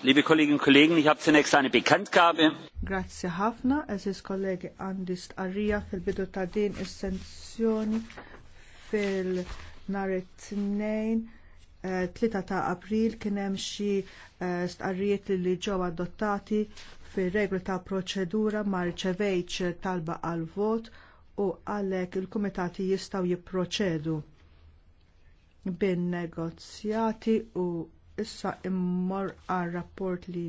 Liebe Kolleginnen und Kollegen, ich habe zunächst eine Bekanntgabe. Grazie ħafna, ist kollegi għandi stqarrija fil-bidu ta' din is-sensjoni fil nar it-tnejn 3 eh, ta' April kien hemm xi eh, stqarrijiet li ġew adottati fir-regla ta' proċedura ma talba għal vot u għalhekk il-kumitati jistgħu jipproċedu bin negozjati u issa immor għal rapport li